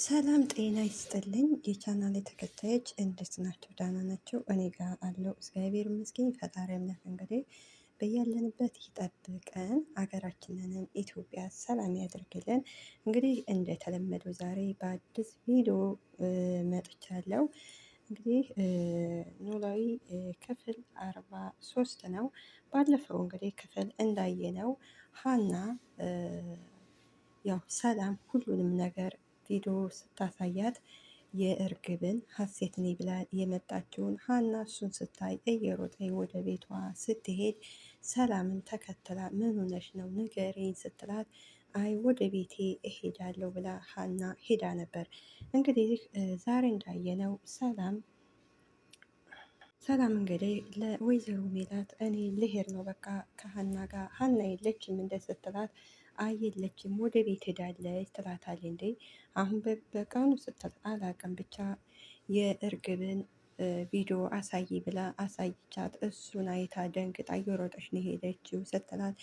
ሰላም ጤና ይስጥልኝ የቻናል ተከታዮች እንዴት ናቸው? ደህና ናቸው? እኔ ጋር አለው እግዚአብሔር ይመስገን። ፈጣሪ አምላክ እንግዲህ በያለንበት ይጠብቀን፣ አገራችንንም ኢትዮጵያ ሰላም ያድርግልን። እንግዲህ እንደተለመደው ዛሬ በአዲስ ቪዲዮ መጥቻለሁ። እንግዲህ ኖላዊ ክፍል አርባ ሶስት ነው። ባለፈው እንግዲህ ክፍል እንዳየነው ሀና ያው ሰላም ሁሉንም ነገር ቪዲዮ ስታሳያት የእርግብን ሀሴት ሀሴትን ብላ የመጣችውን ሀና እሱን ስታይ እየሮጠኝ ወደ ቤቷ ስትሄድ ሰላምን ተከትላ ምን ሆነሽ ነው ንገሬን ስትላት አይ ወደ ቤቴ እሄዳለሁ ብላ ሀና ሄዳ ነበር። እንግዲህ ዛሬ እንዳየነው ሰላም ሰላም እንግዲህ ለወይዘሮ ሜላት እኔ ልሄድ ነው በቃ ከሀና ጋር ሀና የለችም እንደ ስትላት አይ የለችም ወደ ቤት ሄዳለች ትላታለች። እንዴ አሁን በቀኑ ስትል አላቅም ብቻ የእርግብን ቪዲዮ አሳይ ብላ አሳይቻት እሱን አይታ ደንግጣ እየሮጠች ነው ሄደችው ስትላት፣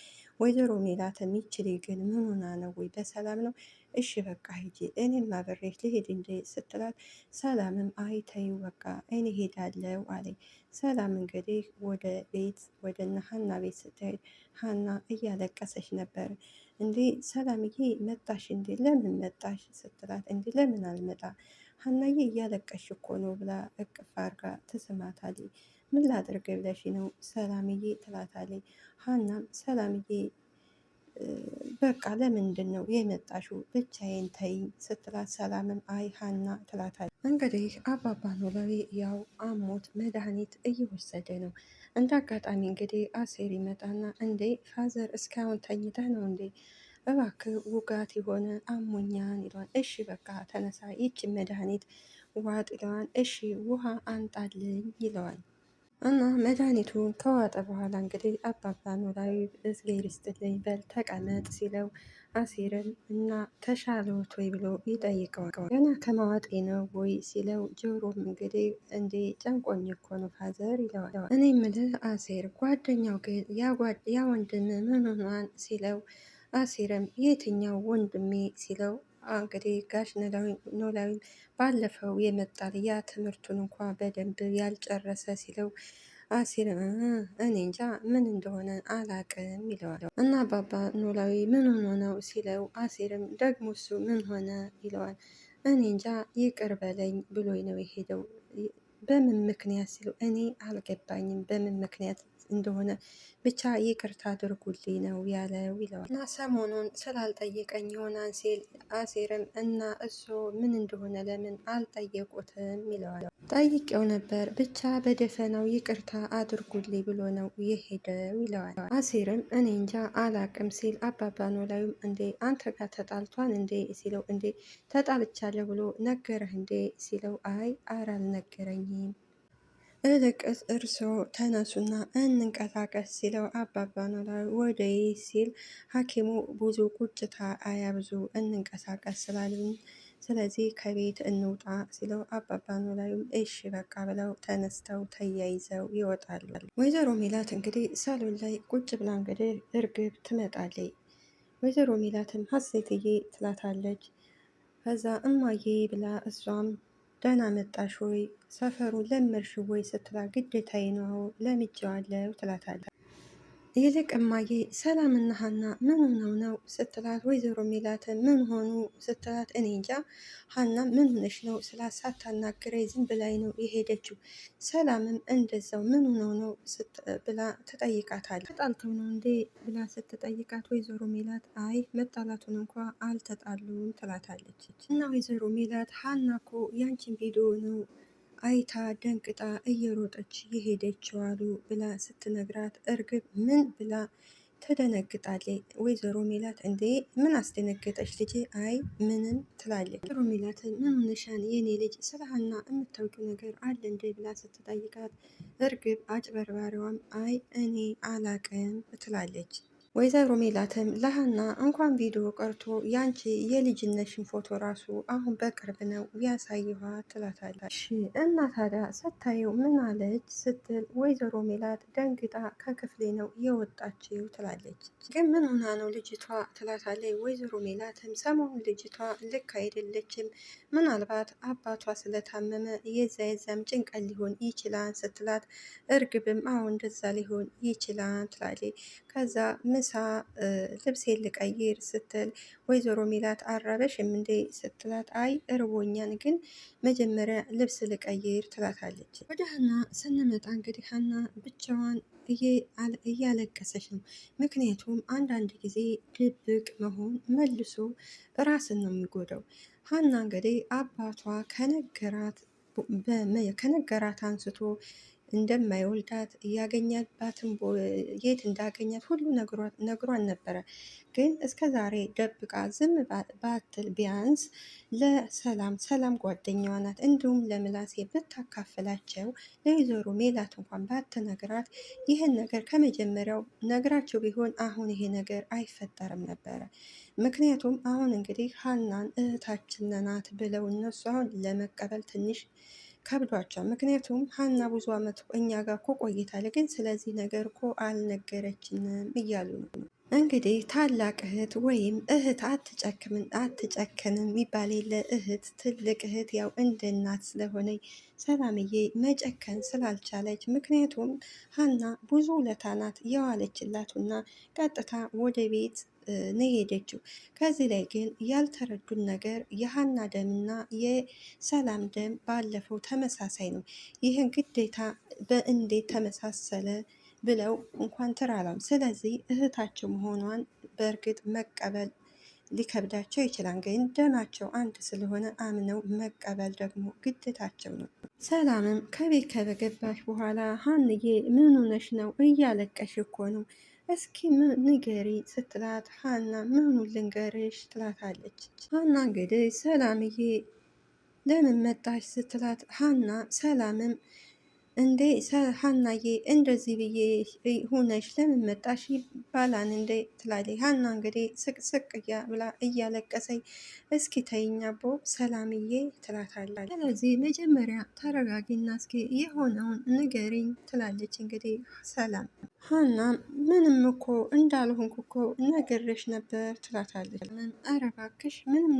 ወይዘሮ ሜላት ሚችል ግን ምን ሆና ነው? ወይ በሰላም ነው? እሺ በቃ ሂጂ እኔም አብሬሽ ልሄድ እንጂ ስትላት፣ ሰላምም አይተይው በቃ እኔ ሄዳለሁ አለኝ። ሰላም እንግዲህ ወደ ቤት ወደ ሀና ቤት ስትሄድ ሀና እያለቀሰች ነበር። እንዲ ሰላምዬ መጣሽ እንዴ ለምን መጣሽ ስትላት፣ እንዴ ለምን አልመጣ ሀናዬ እያለቀሽ እኮ ነው ብላ እቅፍ አርጋ ትስማታለች። ምን ላድርግ ብለሽ ነው ሰላምዬ ትላታለች። ሀናም ሰላምዬ በቃ ለምንድን ነው የመጣሽው? ብቻዬን ተይኝ ስትላት ሰላምም አይ ሀና ትላታለች። እንግዲህ አባባ ኖላዊ ያው አሞት መድኃኒት እየወሰደ ነው እንደ አጋጣሚ እንግዲህ አሴር ይመጣና እንዴ ፋዘር እስካሁን ተኝተህ ነው እንዴ? እባክህ ውጋት የሆነ አሞኛን ይለዋል። እሺ በቃ ተነሳ፣ ይች መድኃኒት ዋጥ ይለዋል። እሺ ውሃ አንጣልኝ ይለዋል። እና መድኃኒቱን ከዋጠ በኋላ እንግዲህ አባባ ኖላዊ እግዜር ይስጥልኝ በል ተቀመጥ ሲለው አሲርም እና ተሻለዎት ወይ ብሎ ይጠይቀዋል። ገና ከማዋጤ ነው ወይ ሲለው ጆሮም እንግዲህ እንዴ ጨንቆኝ እኮ ነው ፋዘር ይለዋል። እኔ ምልህ አሴር ጓደኛው ግን ያ ወንድም ሲለው አሴርም የትኛው ወንድሜ ሲለው እንግዲህ ጋሽ ኖላዊም ባለፈው የመጣል ያ ትምህርቱን እንኳ በደንብ ያልጨረሰ ሲለው አሲር እኔ እንጃ ምን እንደሆነ አላቅም ይለዋል እና አባባ ኖላዊ ምን ሆኖ ነው ሲለው አሲርም ደግሞ እሱ ምን ሆነ ይለዋል። እኔ እንጃ ይቅር በለኝ ብሎኝ ነው የሄደው በምን ምክንያት ሲለው እኔ አልገባኝም በምን ምክንያት እንደሆነ ብቻ ይቅርታ አድርጉልኝ ነው ያለው ይለዋል። እና ሰሞኑን ስላልጠየቀኝ ይሆናል ሲል አሴርም እና እሱ ምን እንደሆነ ለምን አልጠየቁትም ይለዋል። ጠይቄው ነበር ብቻ በደፈናው ይቅርታ አድርጉልኝ ብሎ ነው የሄደው ይለዋል። አሴርም እኔ እንጃ አላቅም ሲል አባባ ኖላዊም እንዴ አንተ ጋር ተጣልቷን እንዴ ሲለው እንዴ ተጣልቻለሁ ብሎ ነገረህ እንዴ ሲለው አይ አረ አልነገረኝም እልቅስ እርስዎ ተነሱና እንንቀሳቀስ ሲለው አባባ ኖላዊ ወደይ ሲል ሐኪሙ ብዙ ቁጭታ አያብዙ እንንቀሳቀስ ስላሉኝ ስለዚህ ከቤት እንውጣ ሲለው አባባ ኖላዊም እሺ በቃ ብለው ተነስተው ተያይዘው ይወጣሉ። ወይዘሮ ሜላት እንግዲህ ሳሎን ላይ ቁጭ ብላ እንግዲህ እርግብ ትመጣለች። ወይዘሮ ሜላትም ሀሴትዬ ትላታለች። ከዛ እማዬ ብላ እሷም ደህና መጣሽ ወይ ሰፈሩ ለመርሽ ወይ ስትላ ግዴታዬ ነው ለምጄዋለሁ ትላታለች። ይልቅ እማዬ ሰላምና ሀና ምን ሆነው ነው ስትላት፣ ወይዘሮ ሜላትን ምን ሆኑ ስትላት፣ እኔ እንጃ ሀና ምን ሆነሽ ነው ስላት፣ ሳታናግረኝ ዝም ብላኝ ነው የሄደችው። ሰላምም እንደዛው ምን ሆነው ነው ብላ ትጠይቃታለች። ተጣልተው ነው እንዴ ብላ ስትጠይቃት፣ ወይዘሮ ሜላት አይ መጣላቱን እንኳ አልተጣሉም ትላታለች። እና ወይዘሮ ሜላት ሀና እኮ ያንቺን ቪዲዮ ነው አይታ ደንቅጣ እየሮጠች የሄደችው አሉ ብላ ስትነግራት እርግብ ምን ብላ ተደነግጣለ ወይዘሮ ሜላት እንዴ ምን አስደነገጠች ልጄ? አይ ምንም ትላለች። ወይዘሮ ሜላትን ምን ሆነሻን የኔ ልጅ ስለሀና የምታውቂው ነገር አለ እንዴ ብላ ስትጠይቃት እርግብ አጭበርባሪዋም አይ እኔ አላቅም ትላለች። ወይዘሮ ሜላትም ለሀና እንኳን ቪዲዮ ቀርቶ ያንቺ የልጅነሽን ፎቶ ራሱ አሁን በቅርብ ነው ያሳየኋ ትላታለች። እና ታዲያ ስታየው ምን አለች ስትል ወይዘሮ ሜላት ደንግጣ ከክፍሌ ነው የወጣችው ትላለች። ግን ምን ሆና ነው ልጅቷ ትላታለች። ወይዘሮ ሜላትም ሰሞኑን ልጅቷ ልክ አይደለችም፣ ምናልባት አባቷ ስለታመመ የዛ የዛም ጭንቀት ሊሆን ይችላል ስትላት፣ እርግብም አሁን እንደዛ ሊሆን ይችላል ትላለች። ከዛ ምሳ ልብሴ ልቀይር ስትል ወይዘሮ ሚላት አረበሽም እንዴ ስትላት አይ እርቦኛን ግን መጀመሪያ ልብስ ልቀይር ትላታለች። ወደ ሀና ስንመጣ እንግዲህ ሀና ብቻዋን እያለቀሰች ነው። ምክንያቱም አንዳንድ ጊዜ ድብቅ መሆን መልሶ ራስን ነው የሚጎዳው። ሀና እንግዲህ አባቷ ከነገራት ከነገራት አንስቶ እንደማይወልዳት እያገኛባትን የት እንዳገኛት ሁሉ ነግሯን ነበረ። ግን እስከ ዛሬ ደብቃ ዝም ባትል ቢያንስ ለሰላም ሰላም ጓደኛዋ ናት፣ እንዲሁም ለምላሴ ብታካፍላቸው ለወይዘሮ ሜላት እንኳን ባትነግራት ይህን ነገር ከመጀመሪያው ነግራቸው ቢሆን አሁን ይሄ ነገር አይፈጠርም ነበረ። ምክንያቱም አሁን እንግዲህ ሀናን እህታችን ናት ብለው እነሱ አሁን ለመቀበል ትንሽ ከብዷቸው ምክንያቱም ሀና ብዙ አመት እኛ ጋር እኮ ቆይታለ፣ ግን ስለዚህ ነገር እኮ አልነገረችንም እያሉ ነው። እንግዲህ ታላቅ እህት ወይም እህት አትጨክምን አትጨከንም የሚባል የለ። እህት ትልቅ እህት ያው እንደ እናት ስለሆነ ሰላምዬ መጨከን ስላልቻለች፣ ምክንያቱም ሀና ብዙ ለታናት የዋለችላቱና ቀጥታ ወደ ቤት ነው የሄደችው። ከዚህ ላይ ግን ያልተረዱን ነገር የሀና ደምና የሰላም ደም ባለፈው ተመሳሳይ ነው። ይህን ግዴታ በእንዴት ተመሳሰለ ብለው እንኳን ትራላም። ስለዚህ እህታቸው መሆኗን በእርግጥ መቀበል ሊከብዳቸው ይችላል። ግን ደማቸው አንድ ስለሆነ አምነው መቀበል ደግሞ ግዴታቸው ነው። ሰላምም ከቤት ከበገባች በኋላ ሀንዬ ምን ሆነሽ ነው? እያለቀሽ እኮ ነው እስኪ ንገሪ ስትላት ሀና ምኑ ልንገርሽ ትላታለች። ሀና እንግዲህ ሰላምዬ ለምን መጣሽ ስትላት ሀና ሰላምም እንዴ ሀናዬ እንደዚህ ብዬ ሁነሽ ለምን መጣሽ ባላን እንዴ ትላለች ሀና እንግዲህ ስቅስቅ ብላ እያለቀሰኝ እስኪ ተይኝ አቦ ሰላምዬ ትላታለች ስለዚህ መጀመሪያ ተረጋጊና እስኪ የሆነውን ንገሪኝ ትላለች እንግዲህ ሰላም ሀና ምንም እኮ እንዳልሆንኩ እኮ ነግሬሽ ነበር ትላታለች ምን ኧረ እባክሽ ምንም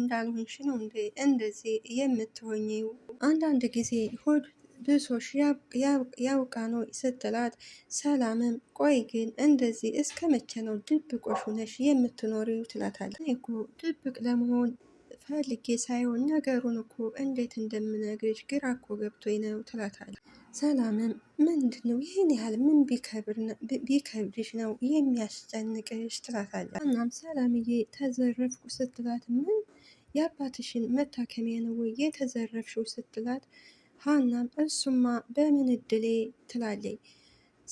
እንዳልሆንሽ ነው እንዴ እንደዚህ የምትሆኚው አንዳንድ ጊዜ ሆድ ብሶሽ ያውቃ ነው ስትላት፣ ሰላምም ቆይ ግን እንደዚህ እስከ መቼ ነው ድብቆሽ ሆነሽ የምትኖሪው ትላታለች። እኔ እኮ ድብቅ ለመሆን ፈልጌ ሳይሆን ነገሩን እኮ እንዴት እንደምነግርሽ ግራ እኮ ገብቶኝ ነው ትላታለች። ሰላምም ምንድን ነው ይህን ያህል ምን ቢከብድሽ ነው የሚያስጨንቅሽ? ትላታለች። እናም ሰላምዬ ተዘረፍኩ ስትላት ምን የአባትሽን መታከሚያ ነው ወይ የተዘረፍሽው? ስትላት ሀናም እሱማ በምን እድሌ ትላለይ።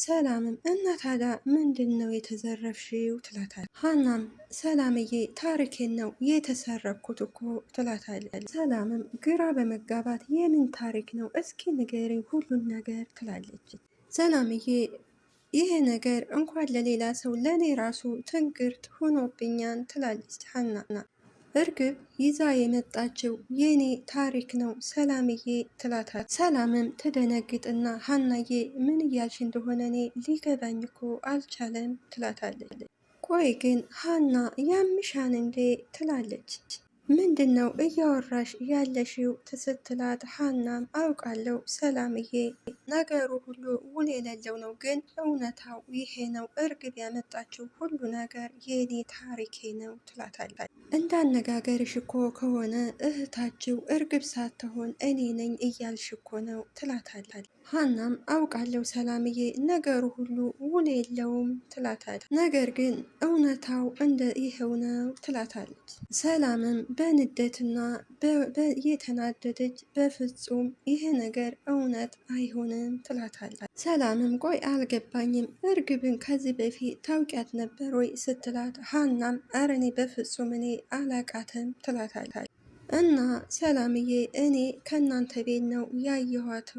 ሰላምም እና ታዲያ ምንድን ነው የተዘረፍሽው ትላታለች። ሀናም ሰላምዬ ታሪኬን ነው የተሰረኩት እኮ ትላታለች። ሰላምም ግራ በመጋባት የምን ታሪክ ነው እስኪ ንገሪ ሁሉን ነገር ትላለች። ሰላምዬ ይሄ ነገር እንኳን ለሌላ ሰው ለእኔ ራሱ ትንግርት ሆኖብኛን ትላለች ሀና እርግብ ይዛ የመጣችው የኔ ታሪክ ነው ሰላምዬ ትላታለች። ሰላምም ትደነግጥና ሀናዬ ምን እያልሽ እንደሆነ እኔ ሊገባኝ እኮ አልቻለም ትላታለች። ቆይ ግን ሀና ያምሻን እንዴ ትላለች። ምንድን ነው እያወራሽ ያለሽው ትስትላት ሀናም አውቃለሁ ሰላምዬ ነገሩ ሁሉ ውል የሌለው ነው ግን እውነታው ይሄ ነው እርግብ ያመጣችው ሁሉ ነገር የኔ ታሪኬ ነው ትላታለች እንዳነጋገርሽ እኮ ከሆነ እህታችው እርግብ ሳትሆን እኔ ነኝ እያልሽ እኮ ነው ትላታለች ሀናም አውቃለሁ ሰላምዬ ነገሩ ሁሉ ውል የለውም ትላታለች ነገር ግን እውነታው እንደ ይሄው ነው ትላታለች ሰላምም በንዴትና የተናደደች በፍጹም ይሄ ነገር እውነት አይሆንም ትላታለች። ሰላምም ቆይ አልገባኝም፣ እርግብን ከዚህ በፊት ታውቂያት ነበር ወይ ስትላት፣ ሀናም ኧረ እኔ በፍጹም እኔ አላቃትም ትላታለች። እና ሰላምዬ እኔ ከእናንተ ቤት ነው ያየኋት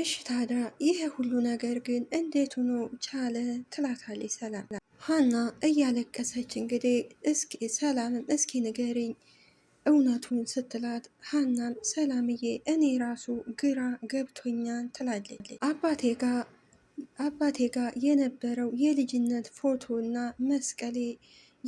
እሺ ታዲያ ይሄ ሁሉ ነገር ግን እንዴት ሆኖ ቻለ? ትላታለች ሰላም። ሀና እያለቀሰች እንግዲህ እስኪ ሰላምም እስኪ ንገሪኝ እውነቱን ስትላት፣ ሀናም ሰላምዬ እኔ ራሱ ግራ ገብቶኛን ትላለች። አባቴ ጋር አባቴ ጋር የነበረው የልጅነት ፎቶና መስቀሌ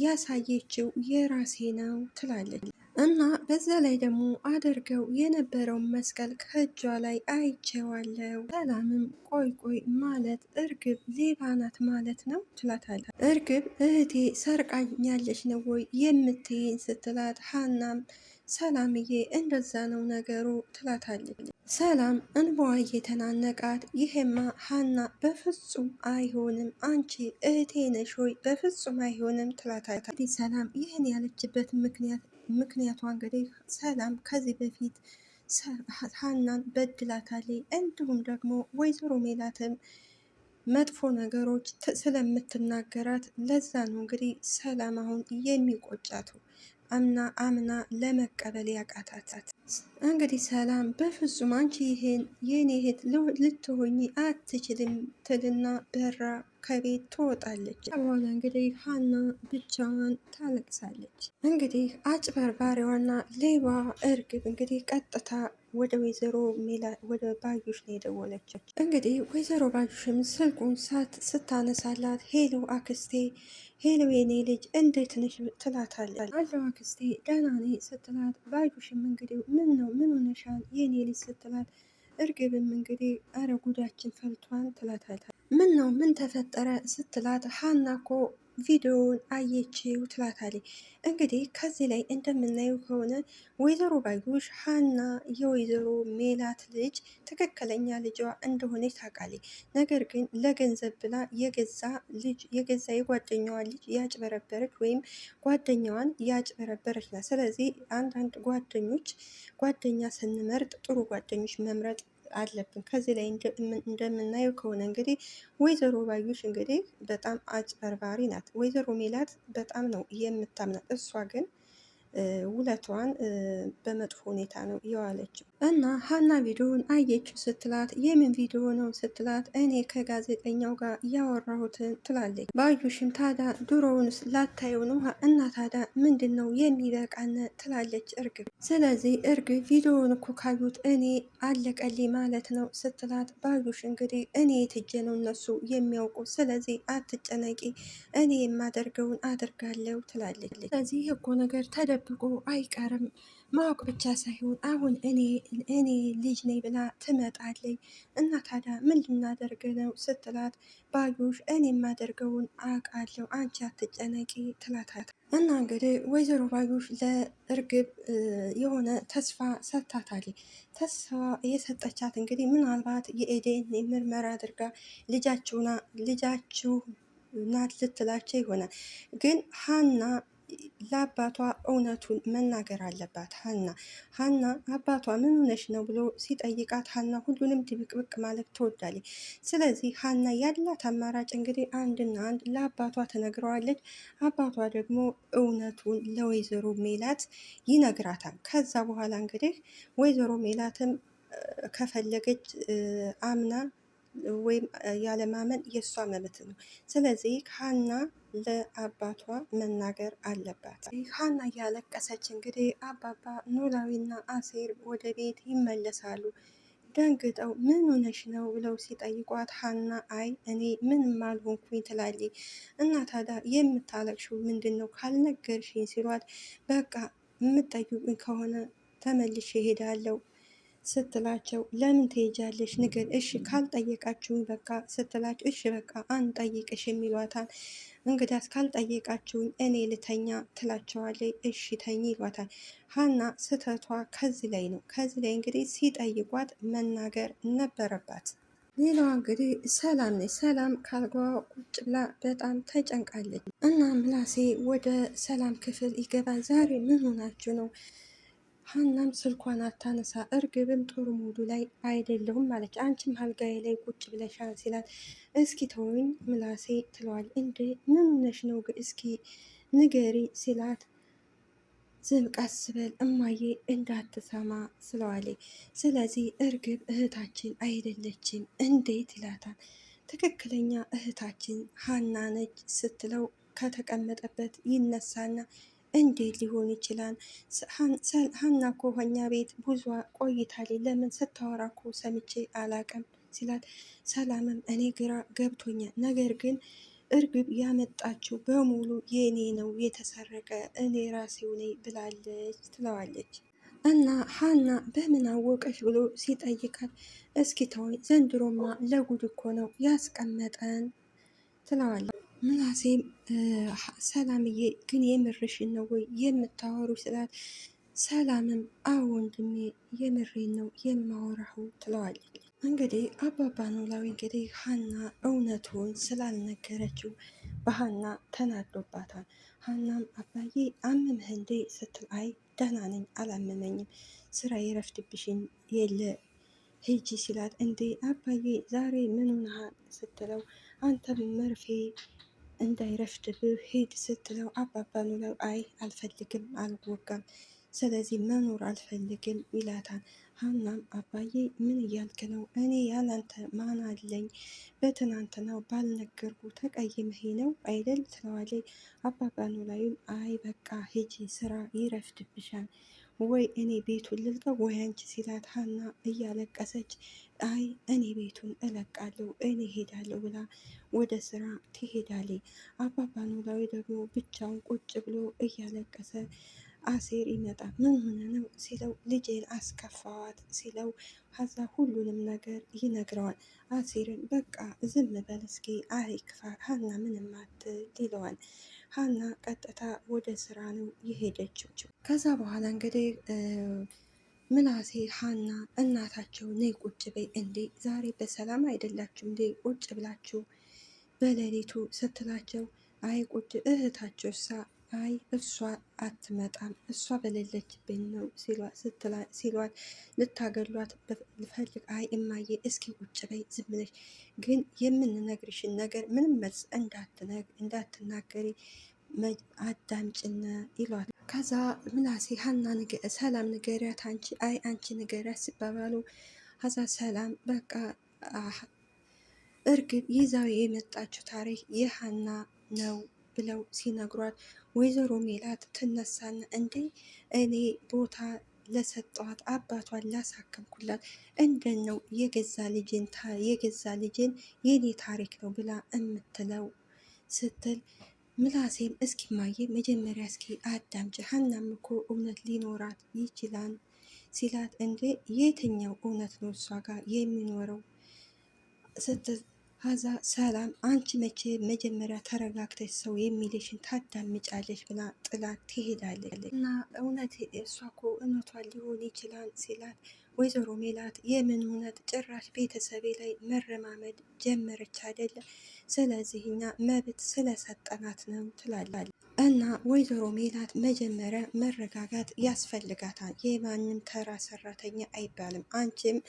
ያሳየችው የራሴ ነው ትላለች። እና በዛ ላይ ደግሞ አድርገው የነበረውን መስቀል ከእጇ ላይ አይቼዋለሁ። ሰላምም ቆይ ቆይ ማለት እርግብ ሌባ ናት ማለት ነው ትላታለች። እርግብ እህቴ ሰርቃኛለች ነው ወይ የምትይኝ ስትላት ሀናም ሰላምዬ እንደዛ ነው ነገሩ ትላታለች። ሰላም እንባዋ እየተናነቃት ይሄማ ሀና በፍጹም አይሆንም፣ አንቺ እህቴ ነሽ ወይ በፍጹም አይሆንም ትላታለች። ሰላም ይህን ያለችበት ምክንያት ምክንያቷ እንግዲህ ሰላም ከዚህ በፊት ሀናን በድላታለች። እንዲሁም ደግሞ ወይዘሮ ሜላትም መጥፎ ነገሮች ስለምትናገራት ለዛ ነው እንግዲህ ሰላም አሁን የሚቆጫቱ አምና አምና ለመቀበል ያቃታታት። እንግዲህ ሰላም በፍጹም አንቺ ይሄን የኔ እህት ልትሆኚ አትችልም ትልና በራ ከቤት ትወጣለች። በኋላ እንግዲህ ሀና ብቻዋን ታለቅሳለች። እንግዲህ አጭበርባሪዋና ሌባ እርግብ እንግዲህ ቀጥታ ወደ ወይዘሮ ወደ ባዩሽ ነው የደወለችው። እንግዲህ ወይዘሮ ባዩሽም ስልኩን ሳት ስታነሳላት ሄሎ አክስቴ፣ ሄሎ የኔ ልጅ እንዴት ነሽ ትላታለች። አለው አክስቴ ደህና ነኝ ስትላት፣ ባዩሽም እንግዲህ ምን ነው ምን ሆነሻል የኔ ልጅ ስትላት እርግብም እንግዲህ አረ ጉዳችን ፈልቷን ትላታለች። ምን ነው ምን ተፈጠረ ስትላት ሀና እኮ ቪዲዮውን አየችው ትላታለች። እንግዲህ ከዚህ ላይ እንደምናየው ከሆነ ወይዘሮ ባዩሽ ሀና የወይዘሮ ሜላት ልጅ ትክክለኛ ልጇ እንደሆነች ታውቃለች። ነገር ግን ለገንዘብ ብላ የገዛ ልጅ የገዛ የጓደኛዋን ልጅ ያጭበረበረች ወይም ጓደኛዋን ያጭበረበረች ናት። ስለዚህ አንዳንድ ጓደኞች ጓደኛ ስንመርጥ ጥሩ ጓደኞች መምረጥ አለብን። ከዚህ ላይ እንደምናየው ከሆነ እንግዲህ ወይዘሮ ባዩሽ እንግዲህ በጣም አጭበርባሪ ናት። ወይዘሮ ሜላት በጣም ነው የምታምናት እሷ ግን ውለቷን በመጥፎ ሁኔታ ነው የዋለችው እና ሀና ቪዲዮን አየችው ስትላት የምን ቪዲዮ ነው ስትላት እኔ ከጋዜጠኛው ጋር ያወራሁትን ትላለች። ባዩሽም ታዳ ድሮውንስ ላታየው ነው እና ታዳ ምንድን ነው የሚበቃነ ትላለች እርግብ። ስለዚህ እርግብ ቪዲዮውን እኮ ካዩት እኔ አለቀልኝ ማለት ነው ስትላት፣ ባዩሽ እንግዲህ እኔ የትጀ ነው እነሱ የሚያውቁ ስለዚህ አትጨነቂ፣ እኔ የማደርገውን አድርጋለሁ ትላለች። ስለዚህ እኮ ነገር ተደ መጠበቁ አይቀርም። ማወቅ ብቻ ሳይሆን አሁን እኔ ልጅ ነኝ ብላ ትመጣለች እና ታዲያ ምን ልናደርግ ነው ስትላት፣ ባዩሽ እኔ የማደርገውን አውቃለሁ አንቺ አትጨነቂ ትላታል። እና እንግዲህ ወይዘሮ ባዩሽ ለእርግብ የሆነ ተስፋ ሰጥታታለች። ተስፋ የሰጠቻት እንግዲህ ምናልባት የኤዴን ምርመራ አድርጋ ልጃችሁና ልጃችሁ ናት ልትላቸው ይሆናል ግን ሀና ለአባቷ እውነቱን መናገር አለባት ሀና። ሀና አባቷ ምን ሆነሽ ነው ብሎ ሲጠይቃት ሀና ሁሉንም ድብቅብቅ ማለት ትወዳለች። ስለዚህ ሀና ያላት አማራጭ እንግዲህ አንድና አንድ ለአባቷ ትነግረዋለች። አባቷ ደግሞ እውነቱን ለወይዘሮ ሜላት ይነግራታል። ከዛ በኋላ እንግዲህ ወይዘሮ ሜላትም ከፈለገች አምና ወይም ያለማመን የእሷ መብት ነው። ስለዚህ ሀና ለአባቷ መናገር አለባት። ሀና እያለቀሰች እንግዲህ አባባ ኖላዊና አሴር ወደ ቤት ይመለሳሉ። ደንግጠው ምን ሆነሽ ነው ብለው ሲጠይቋት ሀና አይ እኔ ምንም አልሆንኩኝ ትላለች። እና ታዲያ የምታለቅሽው ምንድን ነው ካልነገርሽኝ ሲሏት በቃ የምጠይቁኝ ከሆነ ተመልሼ እሄዳለሁ ስትላቸው ለምን ትሄጃለሽ ንገር፣ እሺ ካልጠየቃችሁኝ በቃ ስትላቸው እሺ በቃ አንጠይቅሽ የሚሏታል። እንግዳስ ካልጠየቃችሁኝ እኔ ልተኛ ትላቸዋለች። እሺ ተኝ ይሏታል። ሀና ስህተቷ ከዚህ ላይ ነው። ከዚህ ላይ እንግዲህ ሲጠይቋት መናገር ነበረባት። ሌላዋ እንግዲህ ሰላም ነች። ሰላም ካልጋዋ ቁጭ ብላ በጣም ተጨንቃለች። እና ምላሴ ወደ ሰላም ክፍል ይገባ። ዛሬ ምን ሆናችሁ ነው ሀናም ስልኳን አታነሳ። እርግብም ጥሩ ሙሉ ላይ አይደለሁም ማለች። አንቺም አልጋዬ ላይ ቁጭ ብለሻል ሲላት እስኪ ተወኝ ምላሴ ትለዋል። እንዴ ምን ነሽ ነው እስኪ ንገሪ ሲላት ዝም ቀስ በል እማዬ እንዳትሰማ ስለዋሌ። ስለዚህ እርግብ እህታችን አይደለችም እንዴት ይላታል። ትክክለኛ እህታችን ሀና ነች ስትለው ከተቀመጠበት ይነሳና እንዴት ሊሆን ይችላል? ሀና እኮ ከኛ ቤት ብዙ ቆይታለች። ለምን ስታወራ እኮ ሰምቼ አላቅም ሲላት፣ ሰላምም እኔ ግራ ገብቶኛል። ነገር ግን እርግብ ያመጣችው በሙሉ የእኔ ነው የተሰረቀ እኔ ራሴው ነኝ ብላለች ትለዋለች። እና ሀና በምን አወቀች ብሎ ሲጠይቃት፣ እስኪ ተወኝ ዘንድሮማ ለጉድ እኮ ነው ያስቀመጠን ትለዋለች። ምናሴም ሰላምዬ ግን የምርሽን ነው ወይ የምታወሩ ስላት ሰላምም አዎ ወንድሜ የምሬን ነው የማወራሁ ትለዋለች። እንግዲህ አባባ ኖላዊ እንግዲህ ሀና እውነቱን ስላልነገረችው በሀና ተናዶባታል። ሀናም አባዬ አመመህ እንዴ ስትል አይ ደህና ነኝ አላመመኝም፣ ስራ የረፍትብሽን የለ ሂጂ ሲላት እንዴ አባዬ ዛሬ ምኑን ስትለው አንተም መርፌ እንዳይረፍድብህ ሂድ ስትለው አባባ ኖላዊ አይ አልፈልግም፣ አልወጋም፣ ስለዚህ መኖር አልፈልግም ይላታል። ሀናም አባዬ ምን እያልክ ነው? እኔ ያላንተ ማን አለኝ? በትናንትናው ባልነገርኩ ተቀይመህ ነው አይደል? ትለዋለች። አባባ ኖላዊም አይ በቃ ሂጂ፣ ስራ ይረፍድብሻል ወይ እኔ ቤቱን ልልቀቅ ወይ አንቺ ሲላት ሀና እያለቀሰች አይ እኔ ቤቱን እለቃለሁ እኔ ሄዳለሁ ብላ ወደ ስራ ትሄዳለች። አባባ ኖላዊ ደግሞ ብቻውን ቁጭ ብሎ እያለቀሰ አሴር ይመጣል። ምን ሆነ ነው ሲለው ልጄን አስከፋዋት ሲለው ሀዛ ሁሉንም ነገር ይነግረዋል። አሴርን በቃ ዝም በል እስኪ አይ ሀና ምንም አትል ይለዋል። ሀና ቀጥታ ወደ ስራ ነው የሄደችው። ከዛ በኋላ እንግዲህ ምናሴ ሀና እናታቸው ነይ ቁጭ በይ እንዴ ዛሬ በሰላም አይደላችሁ እንዴ ቁጭ ብላችሁ በሌሊቱ ስትላቸው አይ ቁጭ እህታቸው ሳ አይ እሷ አትመጣም እሷ በሌለችብኝ ነው ሲሏል። ልታገሏት ልፈልግ አይ እማዬ እስኪ ቁጭ በይ ዝም ብለሽ ግን የምንነግርሽን ነገር ምንም መልስ እንዳትናገሪ አዳምጭና ይሏል። ከዛ ምናሴ ሀና ሰላም ንገሪያት አንቺ አይ አንቺ ንገሪያት ሲባባሉ ሀዛ ሰላም በቃ እርግብ ይዛው የመጣችው ታሪክ የሀና ነው። ብለው ሲነግሯት ወይዘሮ ሜላት ትነሳና እንዴ እኔ ቦታ ለሰጠዋት አባቷን ላሳከምኩላት እንደን ነው የገዛ ልጅን የገዛ ልጅን የኔ ታሪክ ነው ብላ እምትለው ስትል ምላሴም እስኪ ማየ መጀመሪያ እስኪ አዳምጪ፣ ሀናም እኮ እውነት ሊኖራት ይችላል ሲላት እንዴ የትኛው እውነት ነው እሷ ጋር የሚኖረው ስትል ሀዛ ሰላም አንቺ መቼ መጀመሪያ ተረጋግተች ሰው የሚልሽን ታዳምጫለች ብላ ጥላት ትሄዳለች። እና እውነት እሷ እኮ እውነቷን ሊሆን ይችላል ሲላት ወይዘሮ ሜላት የምን እውነት ጭራሽ ቤተሰቤ ላይ መረማመድ ጀመረች አይደለም። ስለዚህ እኛ መብት ስለሰጠናት ነው ትላለች። እና ወይዘሮ ሜላት መጀመሪያ መረጋጋት ያስፈልጋታል። የማንም ተራ ሰራተኛ አይባልም። አንቺም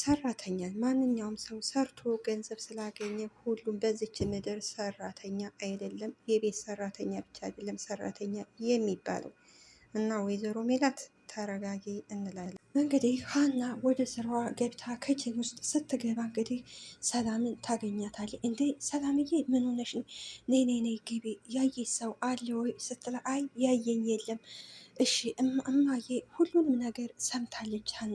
ሰራተኛ ማንኛውም ሰው ሰርቶ ገንዘብ ስላገኘ ሁሉም በዚች ምድር ሰራተኛ አይደለም፣ የቤት ሰራተኛ ብቻ አይደለም ሰራተኛ የሚባለው እና ወይዘሮ ሜላት ተረጋጊ እንላለን። እንግዲህ ሀና ወደ ስራዋ ገብታ ከችን ውስጥ ስትገባ እንግዲህ ሰላምን ታገኛታለች። እንዴ ሰላምዬ ምን ሆነሽ ነው? ነይ ግቢ፣ ያየ ሰው አለ ወይ ስትላ፣ አይ ያየኝ የለም እሺ እማዬ ሁሉንም ነገር ሰምታለች ሀና።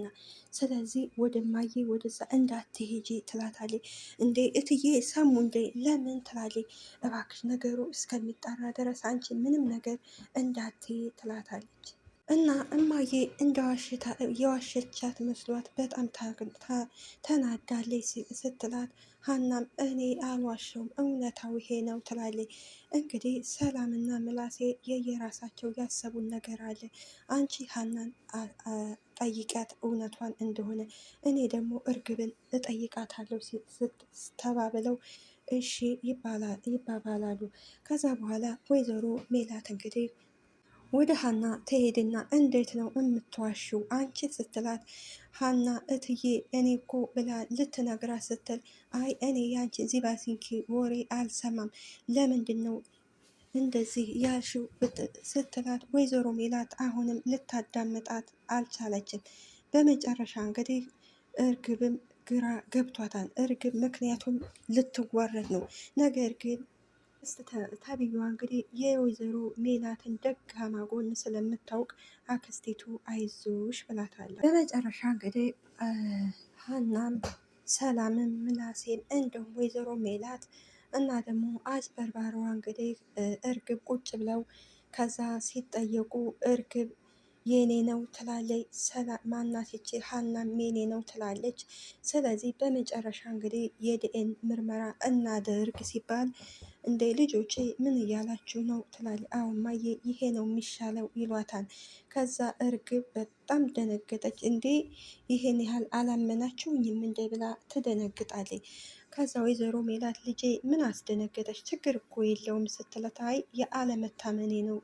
ስለዚህ ወደ እማዬ ወደዛ እንዳትሄጂ ትላታለች። እንዴ እትዬ ሰሙ እንዴ ለምን ትላለች። እባክሽ ነገሩ እስከሚጣራ ድረስ አንቺ ምንም ነገር እንዳትይ ትላታለች። እና እማዬ የዋሸቻት መስሏት በጣም ተናዳለች ስትላት፣ ሀናም እኔ አልዋሸውም እውነታው ይሄ ነው ትላለች። እንግዲህ ሰላምና ምላሴ የየራሳቸው ያሰቡን ነገር አለ። አንቺ ሀናን ጠይቂያት እውነቷን እንደሆነ፣ እኔ ደግሞ እርግብን እጠይቃታለሁ ተባብለው እሺ ይባባላሉ። ከዛ በኋላ ወይዘሮ ሜላት እንግዲህ ወደ ሀና ትሄድና እንዴት ነው የምትዋሹው አንቺ ስትላት ሀና እትዬ እኔ እኮ ብላ ልትነግራት ስትል አይ እኔ ያንቺ ዚባሲንኪ ወሬ አልሰማም ለምንድን ነው እንደዚህ ያልሽው ስትላት ወይዘሮ ሜላት አሁንም ልታዳምጣት አልቻለችም። በመጨረሻ እንግዲህ እርግብም ግራ ገብቷታል። እርግብ ምክንያቱም ልትወረድ ነው ነገር ግን ቅድስት እንግዲ እንግዲህ የወይዘሮ ሜላትን ደካማ ጎን ስለምታውቅ አክስቲቱ አይዞሽ ብላታለች። በመጨረሻ እንግዲህ ሀናም ሰላምን ምናሴን እንዲሁም ወይዘሮ ሜላት እና ደግሞ አጭበርባሪዋ እንግዲህ እርግብ ቁጭ ብለው ከዛ ሲጠየቁ እርግብ የኔ ነው ትላለች። ማናትች ሀና የኔ ነው ትላለች። ስለዚህ በመጨረሻ እንግዲህ የዲኤን ምርመራ እናደርግ ሲባል እንደ ልጆቼ ምን እያላችሁ ነው ትላለች። አዎ ይሄ ነው የሚሻለው ይሏታል። ከዛ እርግብ በጣም ደነገጠች። እንዴ ይሄን ያህል አላመናችሁኝም እንደ ብላ ትደነግጣለች። ከዛ ወይዘሮ ሜላት ልጄ ምን አስደነገጠች? ችግር እኮ የለውም ስትለታይ የአለመታመኔ ነው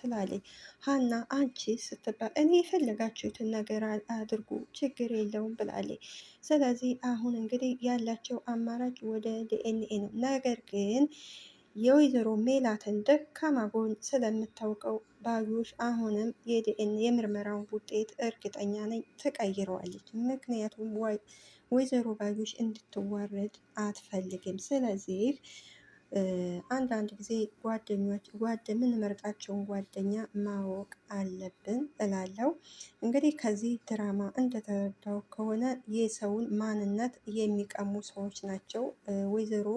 ትላለች ሀና። አንቺ ስትባል እኔ የፈለጋችሁትን ነገር አድርጉ ችግር የለውም ብላለች። ስለዚህ አሁን እንግዲህ ያላቸው አማራጭ ወደ ዲኤንኤ ነው። ነገር ግን የወይዘሮ ሜላትን ደካማ ጎን ስለምታውቀው ባዩሽ አሁንም የዲኤንኤ የምርመራውን ውጤት እርግጠኛ ነኝ ትቀይረዋለች። ምክንያቱም ወይዘሮ ባዩሽ እንድትዋረድ አትፈልግም። ስለዚህ አንዳንድ ጊዜ ጓደኞች ጓደ የምንመርጣቸውን ጓደኛ ማወቅ አለብን እላለሁ። እንግዲህ ከዚህ ድራማ እንደተረዳው ከሆነ የሰውን ማንነት የሚቀሙ ሰዎች ናቸው። ወይዘሮ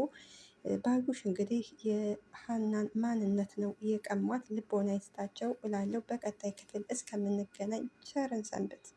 ባዩሽ እንግዲህ የሀናን ማንነት ነው የቀሟት ልቦና ይስጣቸው እላለሁ። በቀጣይ ክፍል እስከምንገናኝ ቸርን ሰንብት